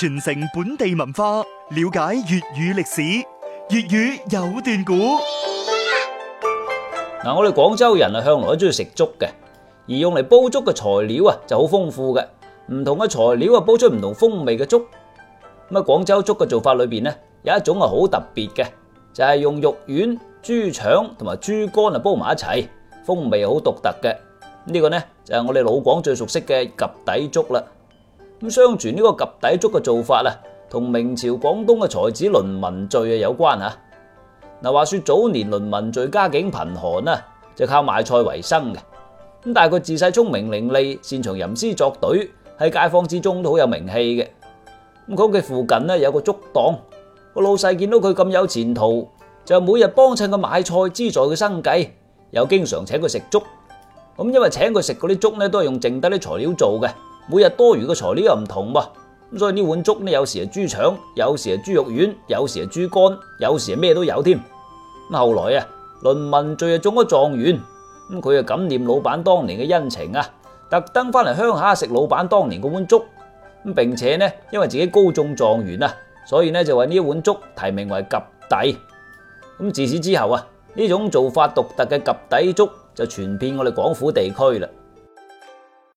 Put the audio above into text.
傳承本地文化，了解粵語歷史，粵語有段古。嗱、 啊，我哋廣州人啊，向來都中意食粥嘅，而用嚟煲粥嘅材料啊，就好豐富嘅。唔同嘅材料啊，煲出唔同風味嘅粥。咁、嗯、廣州粥嘅做法裏邊咧，有一種啊好特別嘅，就係、是、用肉丸、豬腸同埋豬肝啊煲埋一齊，風味好獨特嘅。呢、這個呢，就係、是、我哋老廣最熟悉嘅及第粥啦。咁相傳呢個及第粥嘅做法啊，同明朝廣東嘅才子倫文敘啊有關啊。嗱，話說早年倫文敘家境貧寒啊，就靠賣菜為生嘅。咁但係佢自細聰明伶俐，擅長吟詩作對，喺街坊之中都好有名氣嘅。咁講佢附近咧，有個粥檔，個老細見到佢咁有前途，就每日幫襯佢買菜資助佢生計，又經常請佢食粥。咁因為請佢食嗰啲粥咧，都係用剩低啲材料做嘅。每日多餘嘅材料又唔同噃，咁所以呢碗粥呢，有時係豬腸，有時係豬肉丸，有時係豬肝，有時係咩都有添。咁後來啊，倫文敘啊中咗狀元，咁佢啊感念老闆當年嘅恩情啊，特登翻嚟鄉下食老闆當年嗰碗粥。咁並且呢，因為自己高中狀元啊，所以呢，就為呢一碗粥題名為「及第」。咁自此之後啊，呢種做法獨特嘅及第粥就傳遍我哋廣府地區啦。